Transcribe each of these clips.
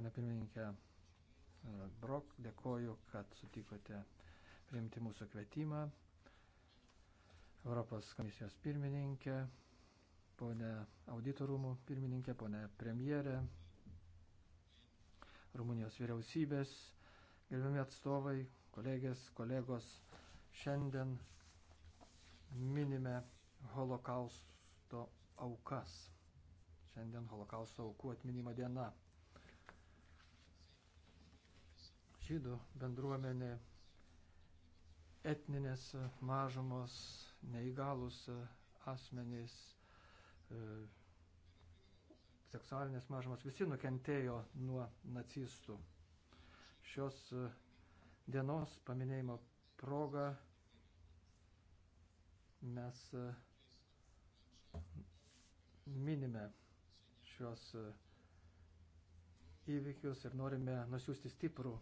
ponė pirmininkė e, Brok, dėkoju, kad sutikote priimti mūsų kvietimą. Europos komisijos pirmininkė, ponė auditorumų pirmininkė, ponė premjerė, Rumunijos vyriausybės, gerbiami atstovai, kolegės, kolegos, šiandien minime holokausto aukas. Šiandien holokausto aukų atminimo diena. žydų bendruomenė, etninės mažumos, neįgalus asmenys, e, seksualinės mažumos, visi nukentėjo nuo nacistų. Šios e, dienos paminėjimo proga mes e, minime šios įvykius ir norime nusiųsti stiprų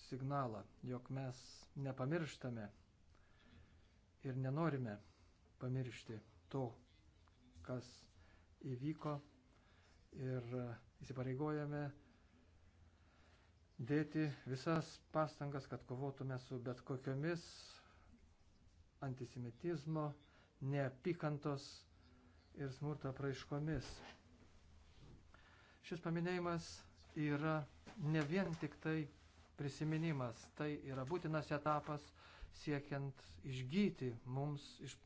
signalą, jog mes nepamirštame ir nenorime pamiršti to, kas įvyko ir įsipareigojame dėti visas pastangas, kad kovotume su bet kokiomis antisemitizmo, neapykantos ir smurto praiškomis. Šis paminėjimas yra ne vien tik tai prisiminimas. Tai yra būtinas etapas siekiant išgyti mums, iš,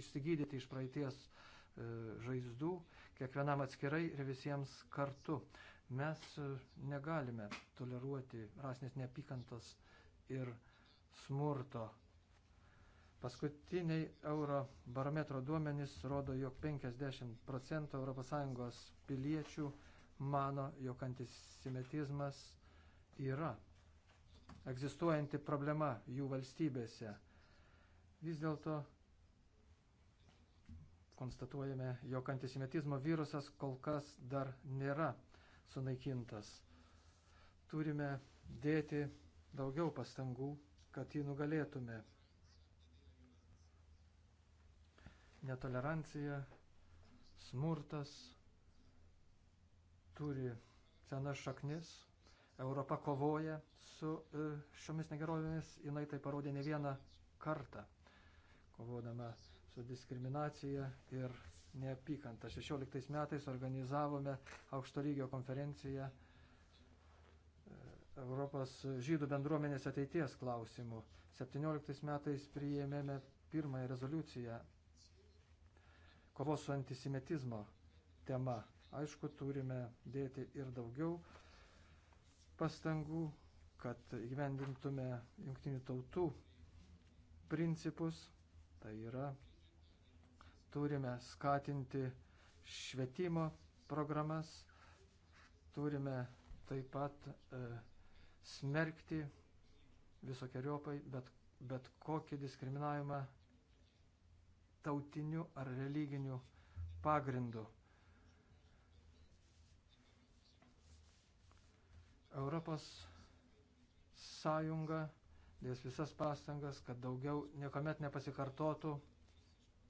išsigydyti iš praeities e, žaizdų, kiekvienam atskirai ir visiems kartu. Mes e, negalime toleruoti rasinės neapykantos ir smurto. Paskutiniai euro barometro duomenys rodo, jog 50 procentų ES piliečių mano, jog antisemitizmas yra egzistuojanti problema jų valstybėse. Vis dėlto konstatuojame, jog antisemitizmo virusas kol kas dar nėra sunaikintas. Turime dėti daugiau pastangų, kad jį nugalėtume. Netolerancija, smurtas turi senas šaknis Europa kovoja su e, šiomis negerovėmis, jinai tai parodė ne vieną kartą, kovodama su diskriminacija ir neapykanta. 16 metais organizavome aukšto lygio konferenciją e, Europos žydų bendruomenės ateities klausimų. 17 metais priėmėme pirmąją rezoliuciją kovos su antisemitizmo tema. Aišku, turime dėti ir daugiau pastangų, kad įgyvendintume jungtinių tautų principus. Tai yra, turime skatinti švietimo programas, turime taip pat e, smerkti visokiojopai bet, bet kokį diskriminavimą tautiniu ar religiniu pagrindu. Europos Sąjunga dės visas pastangas, kad daugiau niekuomet nepasikartotų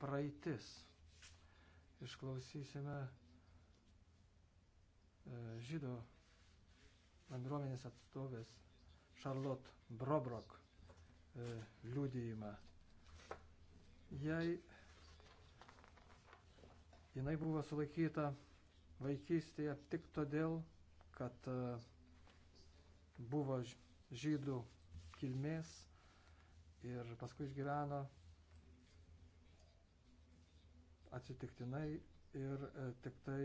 praeitis. Išklausysime e, žydų bendruomenės atstovės Charlotte Brobrok e, liūdėjimą. Jei jinai buvo sulaikyta vaikystėje tik todėl, kad e, buvo žydų kilmės ir paskui išgyveno atsitiktinai ir e, tik tai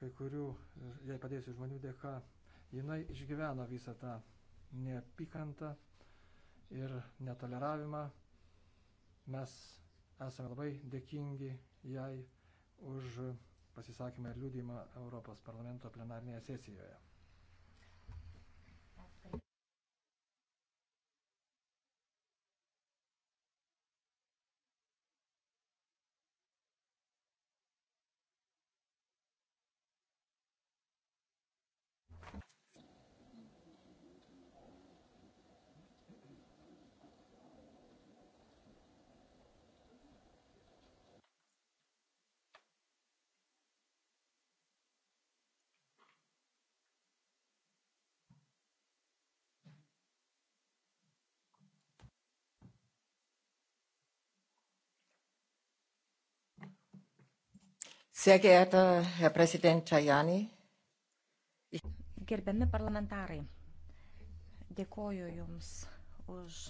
kai kurių, jai padėjusių žmonių dėka, jinai išgyveno visą tą neapykantą ir netoleravimą. Mes esame labai dėkingi jai už pasisakymą ir liūdimą Europos parlamento plenarnėje sesijoje. Sehr geehrter Herr Präsident Tajani. Gerbiami parlamentarai, dėkoju Jums už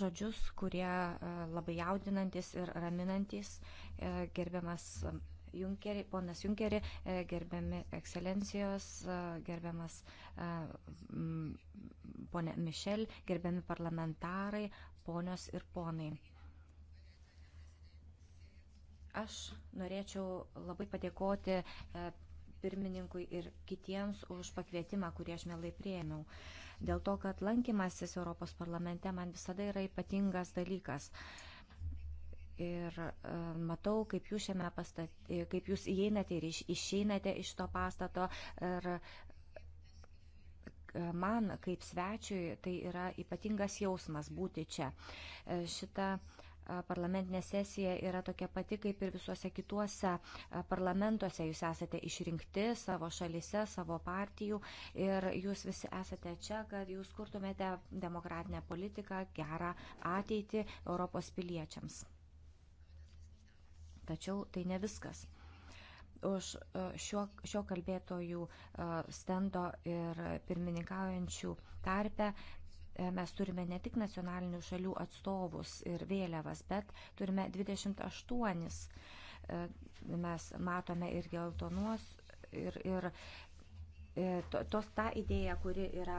žodžius, kurie e, labai jaudinantis ir raminantis. E, gerbiamas e, Junkerį, ponas Junkerį, gerbiami ekscelencijos, gerbiamas ponė Mišel, gerbiami parlamentarai, ponios ir ponai. Aš norėčiau labai padėkoti e, pirmininkui ir kitiems už pakvietimą, kurį aš mielai prieimiau. Dėl to, kad lankymasis Europos parlamente man visada yra ypatingas dalykas. Ir e, matau, kaip jūs, pastat, e, kaip jūs įeinate ir iš, išeinate iš to pastato. Ir man, kaip svečiui, tai yra ypatingas jausmas būti čia. Šita uh, parlamentinė sesija yra tokia pati kaip ir visuose kituose parlamentuose. Jūs esate išrinkti savo šalise, savo partijų ir jūs visi esate čia, kad jūs kurtumėte demokratinę politiką, gerą ateitį Europos piliečiams. Tačiau tai ne viskas. Už šio, šio kalbėtojų stendo ir pirmininkaujančių tarpę E, mes turime ne tik nacionalinių šalių atstovus ir vėliavas, bet turime 28. E, mes matome ir geltonuos, ir, ir e, tos tą idėją, kuri, yra,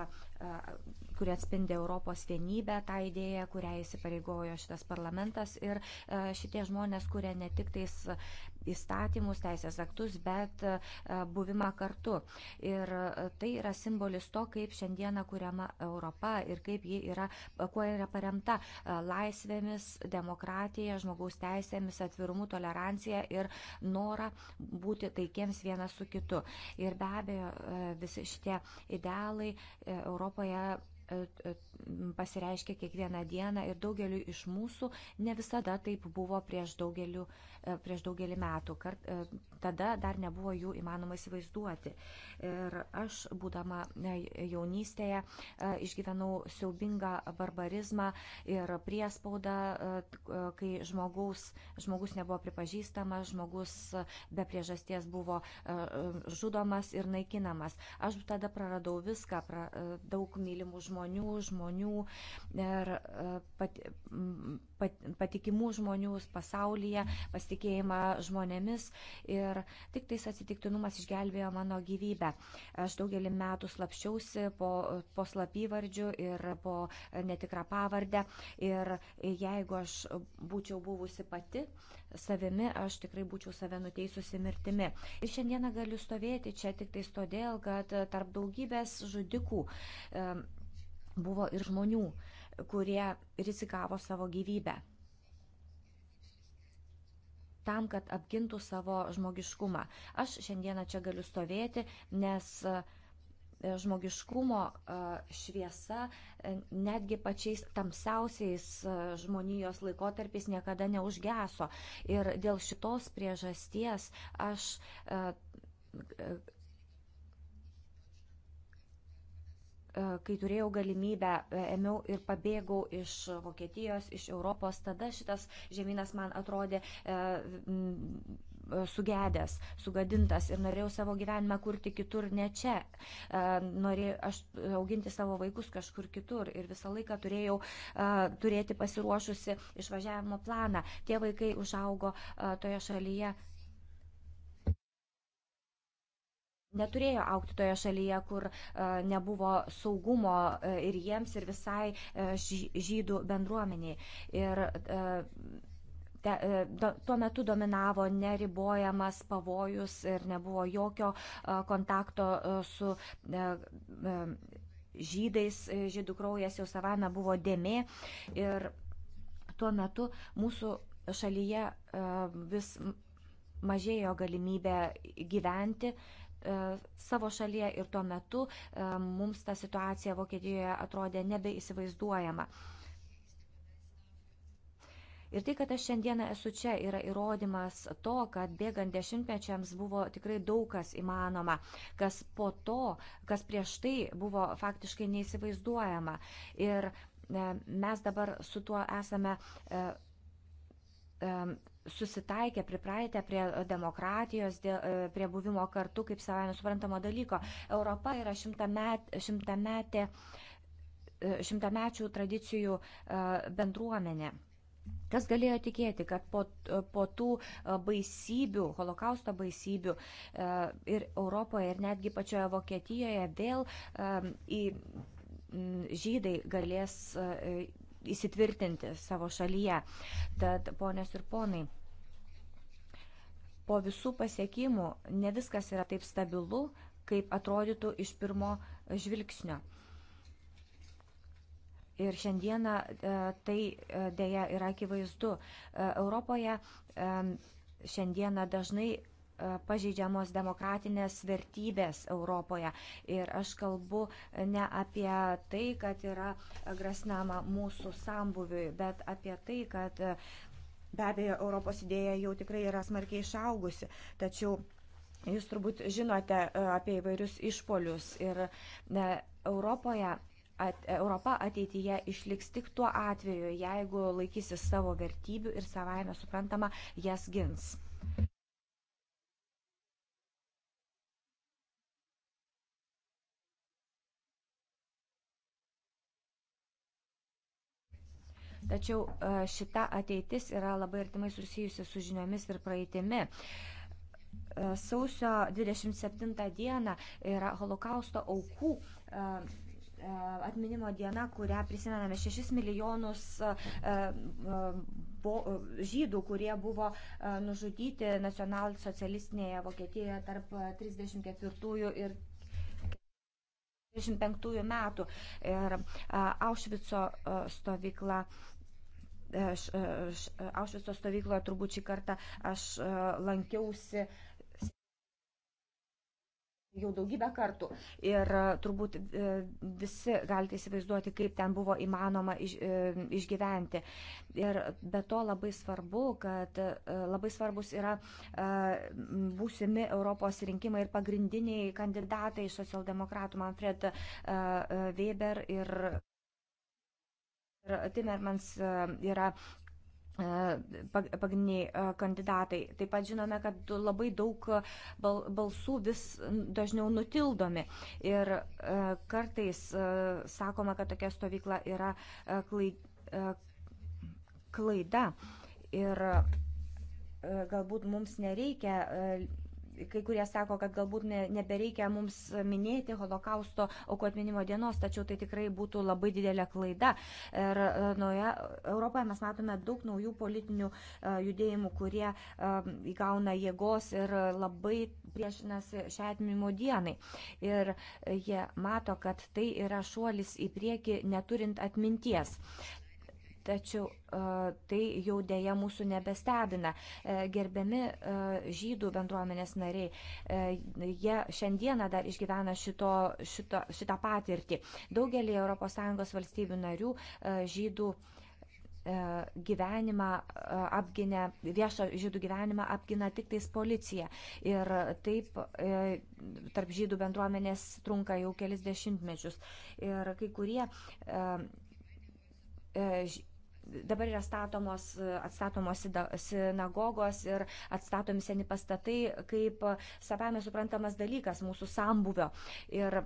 kuri atspindi Europos vienybę, tą idėją, kurią įsipareigojo šitas parlamentas ir šitie žmonės kuria ne tik tais įstatymus, teisės aktus, bet e, buvimą kartu. Ir e, tai yra simbolis to, kaip šiandieną kuriama Europa ir kaip ji yra, e, kuo yra paremta laisvėmis, demokratija, žmogaus teisėmis, atvirumu, tolerancija ir norą būti taikiems vienas su kitu. Ir be abejo, visi šitie idealai Europoje E, e, pasireiškia kiekvieną dieną ir daugeliu iš mūsų ne visada taip buvo prieš, daugeliu, e, prieš daugelį metų. Kart, tada dar nebuvo jų įmanoma įsivaizduoti. Ir aš, būdama jaunystėje, išgyvenau siaubingą barbarizmą ir priespaudą, kai žmogus, žmogus nebuvo pripažįstamas, žmogus be priežasties buvo žudomas ir naikinamas. Aš tada praradau viską, pra, daug mylimų žmonių žmonių, žmonių ir e, pat, pat, patikimų žmonių pasaulyje, pasitikėjimą žmonėmis ir tik tais atsitiktinumas išgelbėjo mano gyvybę. Aš daugelį metų slapščiausi po, po slapyvardžių ir po netikrą pavardę ir jeigu aš būčiau buvusi pati savimi, aš tikrai būčiau save nuteisusi mirtimi. Ir šiandieną galiu stovėti čia tik tais todėl, kad tarp daugybės žudikų um, buvo ir žmonių, kurie rizikavo savo gyvybę tam, kad apgintų savo žmogiškumą. Aš šiandieną čia galiu stovėti, nes e, žmogiškumo e, šviesa e, netgi pačiais tamsiausiais žmonijos laikotarpiais niekada neužgeso. Ir dėl šitos priežasties aš E, kai turėjau galimybę, e, ėmiau ir pabėgau iš Vokietijos, iš Europos, tada šitas žemynas man atrodė e, sugedęs, sugadintas ir norėjau savo gyvenimą kurti kitur, ne čia. Norėjau aš auginti savo vaikus kažkur kitur ir visą laiką turėjau turėti pasiruošusi išvažiavimo planą. Tie vaikai užaugo toje šalyje, neturėjo aukti toje šalyje, kur e, nebuvo saugumo e, ir jiems, ir visai e, žydų bendruomeniai. Ir te, tuo metu dominavo neribojamas pavojus ir nebuvo jokio kontakto su žydais, žydų kraujas jau savame buvo dėmė. Ir tuo metu mūsų šalyje vis mažėjo galimybė gyventi E, savo šalyje ir tuo metu e, mums ta situacija Vokietijoje atrodė nebeįsivaizduojama. Ir tai, kad aš šiandieną esu čia, yra įrodymas to, kad bėgant dešimtmečiams buvo tikrai daug kas įmanoma, kas po to, kas prieš tai buvo faktiškai neįsivaizduojama. Ir e, mes dabar su tuo esame susitaikę, pripratę prie e, demokratijos, e, prie buvimo kartu kaip savai nesuprantamo dalyko. Europa yra šimtametė. Met, šimta šimtamečių tradicijų e, bendruomenė. Kas galėjo tikėti, kad po, po tų baisybių, holokausto baisybių ir Europoje, ir netgi pačioje Vokietijoje vėl į žydai galės įsitvirtinti savo šalyje. Tad, ponės ir ponai, po visų pasiekimų ne viskas yra taip stabilu, kaip atrodytų iš pirmo žvilgsnio. Ir šiandieną e, tai e, dėja yra akivaizdu. E, Europoje šiandieną dažnai pažeidžiamos demokratinės vertybės Europoje. Ir aš kalbu ne apie tai, kad yra grasinama mūsų sambuviui, bet apie tai, kad e, be abejo Europos idėja jau tikrai yra smarkiai išaugusi. Tačiau jūs turbūt žinote e, apie įvairius išpolius ir e, Europoje at, Europa ateityje išliks tik tuo atveju, jeigu laikysis savo vertybių ir savaime suprantama, jas gins. Tačiau e, šita ateitis yra labai artimai susijusi su žiniomis ir praeitimi. E, sausio 27 diena yra holokausto aukų e, atminimo diena, kurią prisimename 6 milijonus žydų, kurie buvo nužudyti nacionalsocialistinėje Vokietijoje tarp 34 ir 25 metų. Ir Aušvico stovykla E, e, e, Aušvico stovykloje turbūt šį kartą aš lankiausi jau daugybę kartų. Ir turbūt visi galite įsivaizduoti, kaip ten buvo įmanoma iš, išgyventi. Ir be to labai svarbu, kad labai svarbus yra būsimi Europos rinkimai ir pagrindiniai kandidatai socialdemokratų Manfred Weber ir Timermans yra e, e, pagrindiniai e, kandidatai. Taip pat žinome, kad labai daug balsų vis dažniau nutildomi ir kartais sakoma, kad tokia stovykla yra klaida. Ir galbūt mums nereikia kai kurie sako, kad galbūt nebereikia mums minėti holokausto aukų atminimo dienos, tačiau tai tikrai būtų labai didelė klaida. Ir e, nauja, Europoje mes matome daug naujų politinių e, judėjimų, kurie e, įgauna jėgos ir labai priešinasi šią atminimo dienai. Ir jie mato, kad tai yra šuolis į priekį neturint atminties. Tačiau e, tai jau dėja mūsų nebestebina. E, gerbiami e, žydų bendruomenės nariai, jie šiandieną dar išgyvena šito, šito, šitą patirtį. Daugelį ES valstybių narių žydų gyvenimą apginę, viešo žydų gyvenimą apgina tik tais policija. Ir taip tarp žydų bendruomenės trunka jau kelis dešimtmečius. Ir kai kurie dabar yra statomos, atstatomos sinagogos ir atstatomi seni pastatai kaip savame suprantamas dalykas mūsų sambuvio. Ir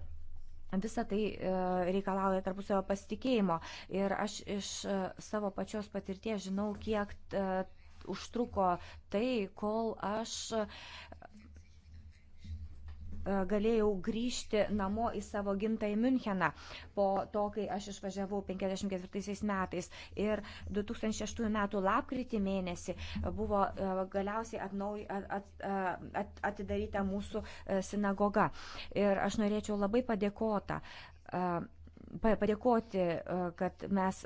Visa tai e, reikalauja tarpusavio pasitikėjimo ir aš iš e, savo pačios patirties žinau, kiek e, užtruko tai, kol aš E, galėjau grįžti namo į savo gimtą į Müncheną po to, kai aš išvažiavau 54 metais. Ir 2006 metų lapkritį mėnesį buvo e, galiausiai atnauj, at, at, at, atidaryta mūsų e, sinagoga. Ir aš norėčiau labai padėkota padėkoti, kad mes,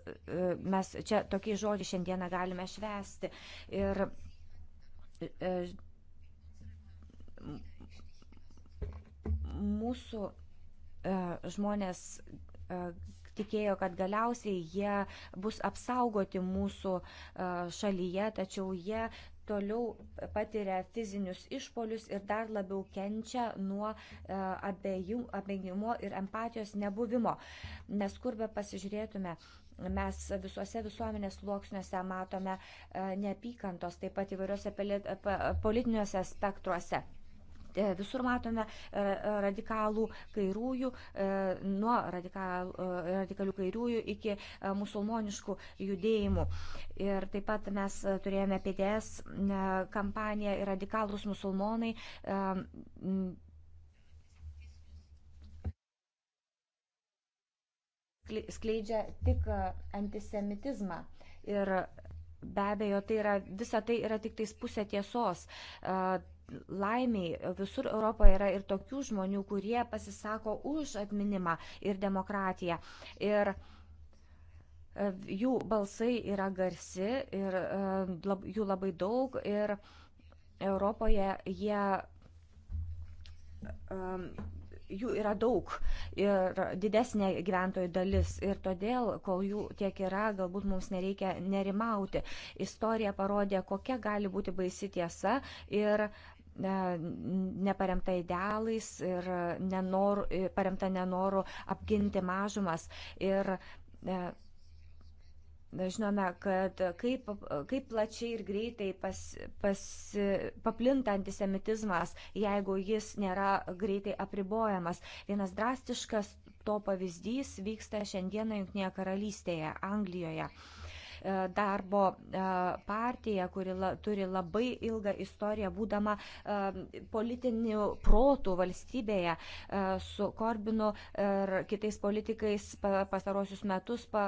mes čia tokį žodį šiandieną galime švesti. Ir mūsų e, žmonės e, tikėjo, kad galiausiai jie bus apsaugoti mūsų e, šalyje, tačiau jie toliau patiria fizinius išpolius ir dar labiau kenčia nuo abejimo ir empatijos nebuvimo. Nes kur be pasižiūrėtume, mes visuose visuomenės sluoksniuose matome neapykantos, taip pat įvairiuose politiniuose spektruose. E, visur matome e, e, radikalų kairiųjų, nuo radikal, radikalių kairiųjų iki musulmoniškų judėjimų. Ir taip pat mes turėjome PDS kampaniją radikalus musulmonai. skleidžia tik antisemitizmą. Ir be abejo, tai yra, visa tai yra tik tais pusė tiesos. Uh, laimiai visur Europoje yra ir tokių žmonių, kurie pasisako už atminimą ir demokratiją. Ir e, jų balsai yra garsi ir e, lab, jų labai daug ir Europoje jie. Um, jų yra daug ir didesnė gyventojų dalis ir todėl, kol jų tiek yra, galbūt mums nereikia nerimauti. Istorija parodė, kokia gali būti baisi tiesa ir neparemta idealais ir nenor, paremta nenoru apginti mažumas. Ir, e, Žinome, kad kaip, kaip plačiai ir greitai pas, pas, paplinta antisemitizmas, jeigu jis nėra greitai apribojamas. Vienas drastiškas to pavyzdys vyksta šiandieną Junktinėje karalystėje, Anglijoje. Uh, E, darbo e, partija, kuri la, turi labai ilgą istoriją, būdama e, politinių protų valstybėje su Korbinu ir kitais politikais pastarosius metus. Pa,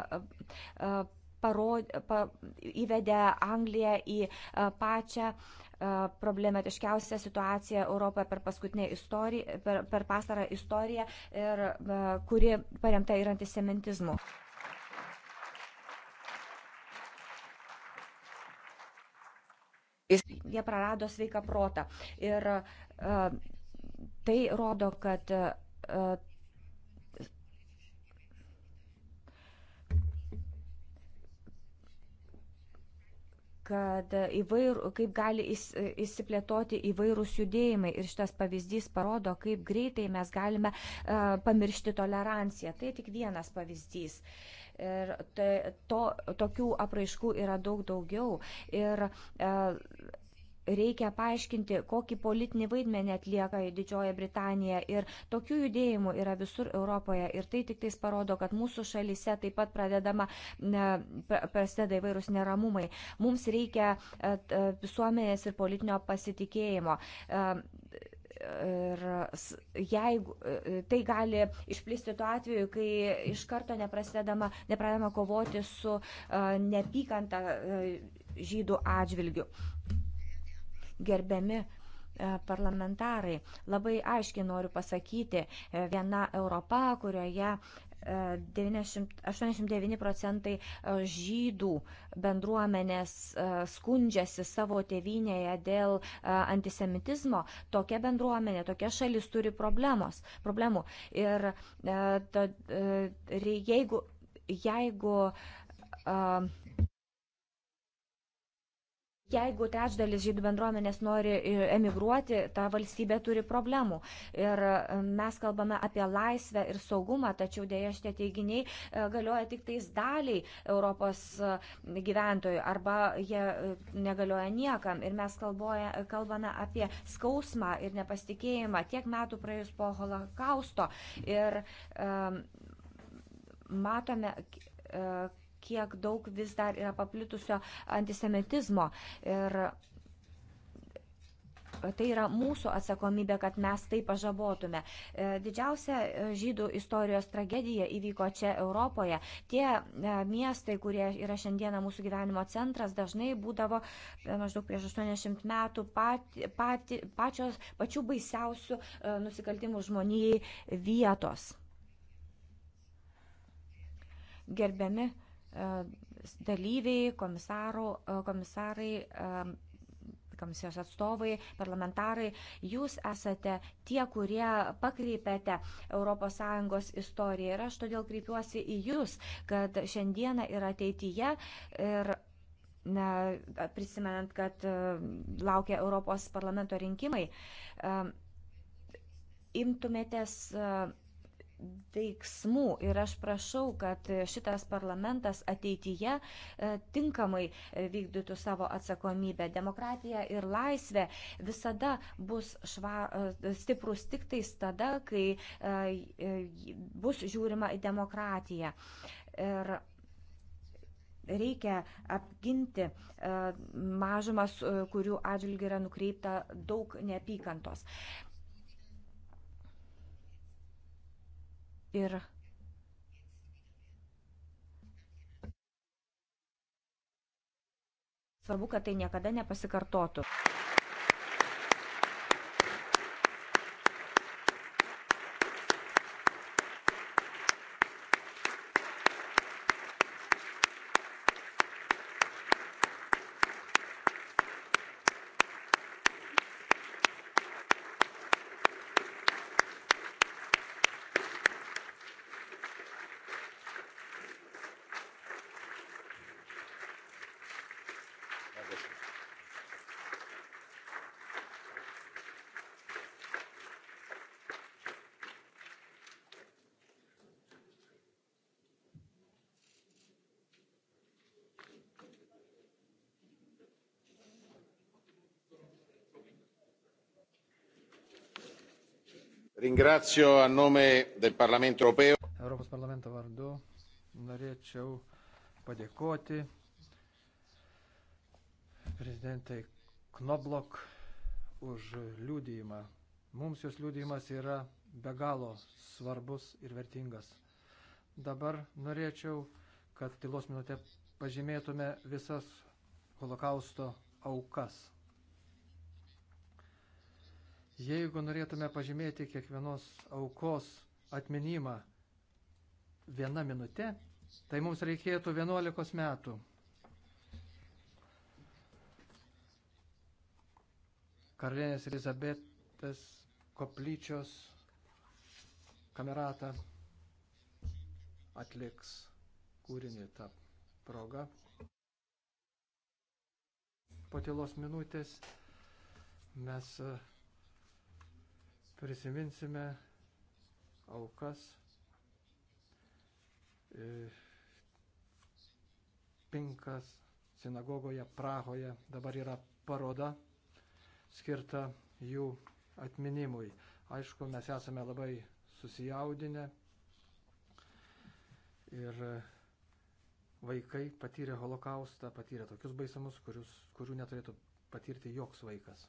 parodė, pa, įvedė Angliją į a, pačią a, problematiškiausią situaciją Europoje per paskutinę istoriją, per, per pastarą istoriją, ir, a, kuri paremta ir antisemitizmu. Jie prarado sveiką protą. Ir e, tai rodo, kad e, kad įvair, kaip gali įsiplėtoti įvairūs judėjimai. Ir šitas pavyzdys parodo, kaip greitai mes galime uh, pamiršti toleranciją. Tai tik vienas pavyzdys. Uh, Ir tai, to, tokių apraiškų yra daug daugiau. Ir, e, Reikia paaiškinti, kokį politinį vaidmenį atlieka Didžioji Britanija ir tokių judėjimų yra visur Europoje ir tai tik tais parodo, kad mūsų šalyse taip pat pradedama, prasideda įvairūs neramumai. Mums reikia e, visuomenės ir politinio pasitikėjimo e, Ir jeigu e, tai gali išplisti tuo atveju, kai iš karto neprasidedama, nepradedama kovoti su e, nepykanta e, žydų atžvilgiu. Gerbiami parlamentarai, labai aiškiai noriu pasakyti, viena Europa, kurioje 89 procentai e, žydų bendruomenės e, skundžiasi savo tėvynėje dėl e, antisemitizmo, tokia bendruomenė, tokia šalis turi problemos, problemų. Ir to, jeigu, jeigu Jeigu trečdalis žydų bendruomenės nori e, emigruoti, ta valstybė turi problemų. Ir e, mes kalbame apie laisvę ir saugumą, tačiau dėja šitie teiginiai e, galioja tik tais daliai Europos gyventojų arba jie negalioja niekam. Ir mes kalboja, kalbame apie skausmą ir nepasitikėjimą tiek metų praėjus po holokausto. Ir um, matome, uh, kiek daug vis dar yra paplitusio antisemitizmo. Ir tai yra mūsų atsakomybė, kad mes tai pažabotume. E, didžiausia e, žydų istorijos tragedija įvyko čia Europoje. Tie e, miestai, kurie yra šiandieną mūsų gyvenimo centras, dažnai būdavo maždaug prieš 80 metų pati, pati, pačios, pačių baisiausių nusikaltimų žmonijai vietos. Gerbiami E, dalyviai, e, komisarai, e, komisijos atstovai, parlamentarai, jūs esate tie, kurie pakreipiate ES istoriją ir aš todėl kreipiuosi į jūs, kad šiandieną ir ateityje ir na, prisimenant, kad laukia Europos parlamento rinkimai, imtumėtės veiksmų ir aš prašau, kad šitas parlamentas ateityje e, tinkamai e, vykdytų savo atsakomybę. Demokratija ir laisvė visada bus šva, e, stiprus tik tais tada, kai bus žiūrima į demokratiją. Ir reikia apginti mažumas, kurių atžvilgių yra nukreipta daug neapykantos. Ir svarbu, kad tai niekada nepasikartotų. Ringrazio a nome del Parlamento europeo. Europos parlamento vardu norėčiau padėkoti prezidentai Knoblok už liūdėjimą. Mums jos liūdėjimas yra be galo svarbus ir vertingas. Dabar norėčiau, kad tylos minutė pažymėtume visas holokausto aukas. Jeigu norėtume pažymėti kiekvienos aukos atminimą vieną minutę, tai mums reikėtų 11 metų. Karalienės Elizabetės koplyčios kameratą atliks kūrinį tą progą. Po tylos minutės mes prisiminsime aukas e, Pinkas sinagogoje Prahoje. Dabar yra paroda skirta jų atminimui. Aišku, mes esame labai susijaudinę ir vaikai patyrė holokaustą, patyrė tokius baisumus, kurius, kurių neturėtų patirti joks vaikas.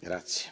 grazie.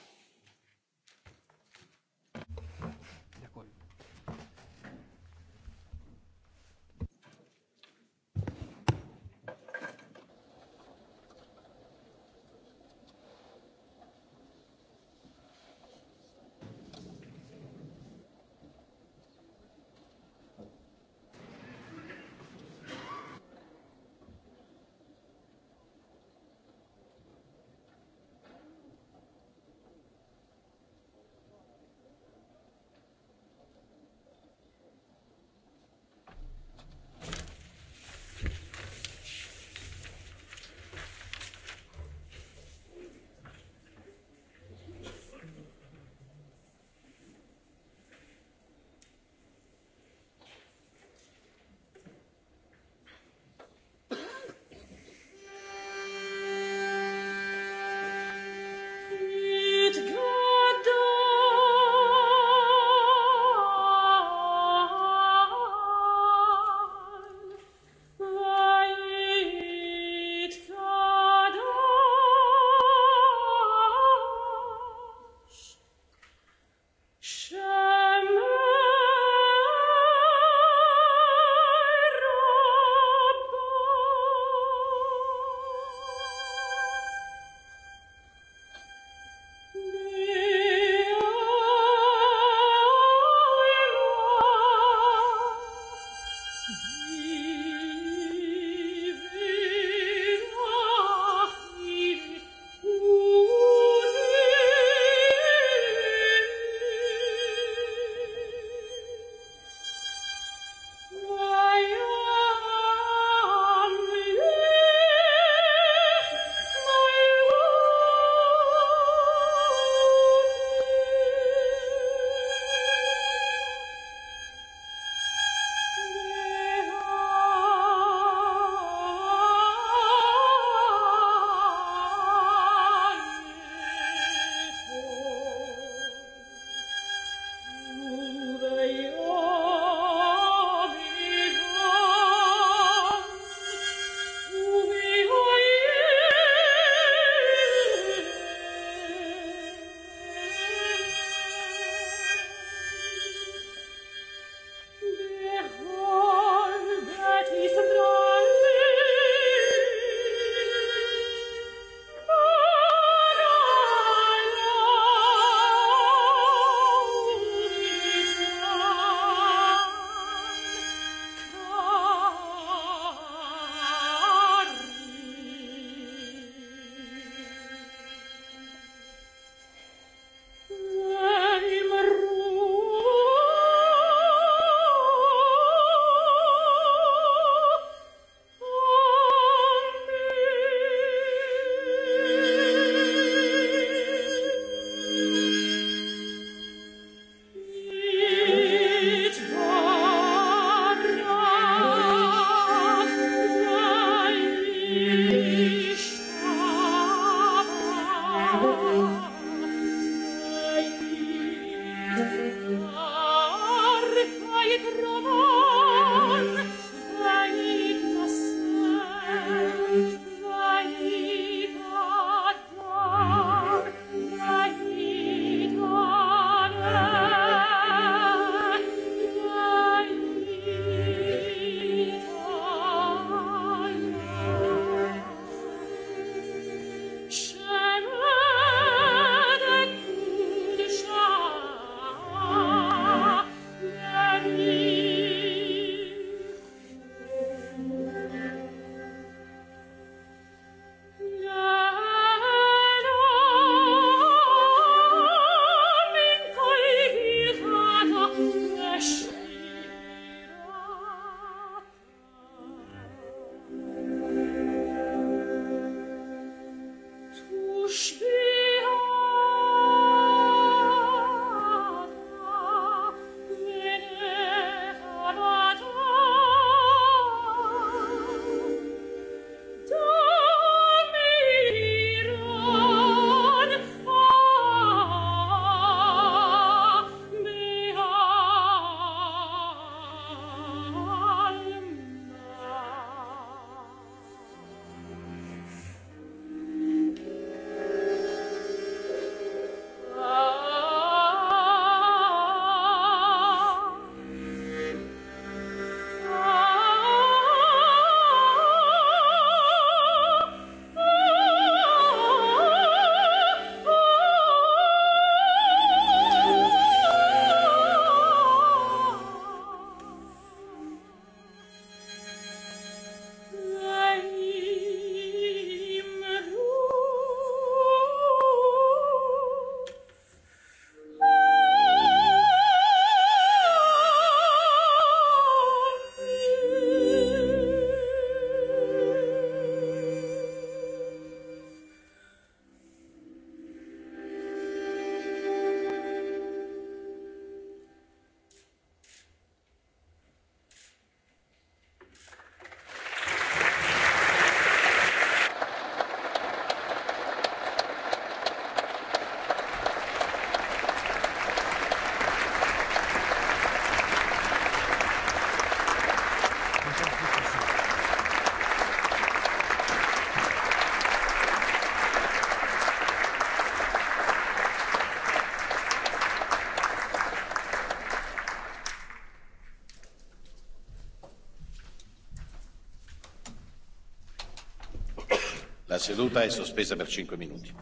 La seduta è e sospesa per cinque minuti.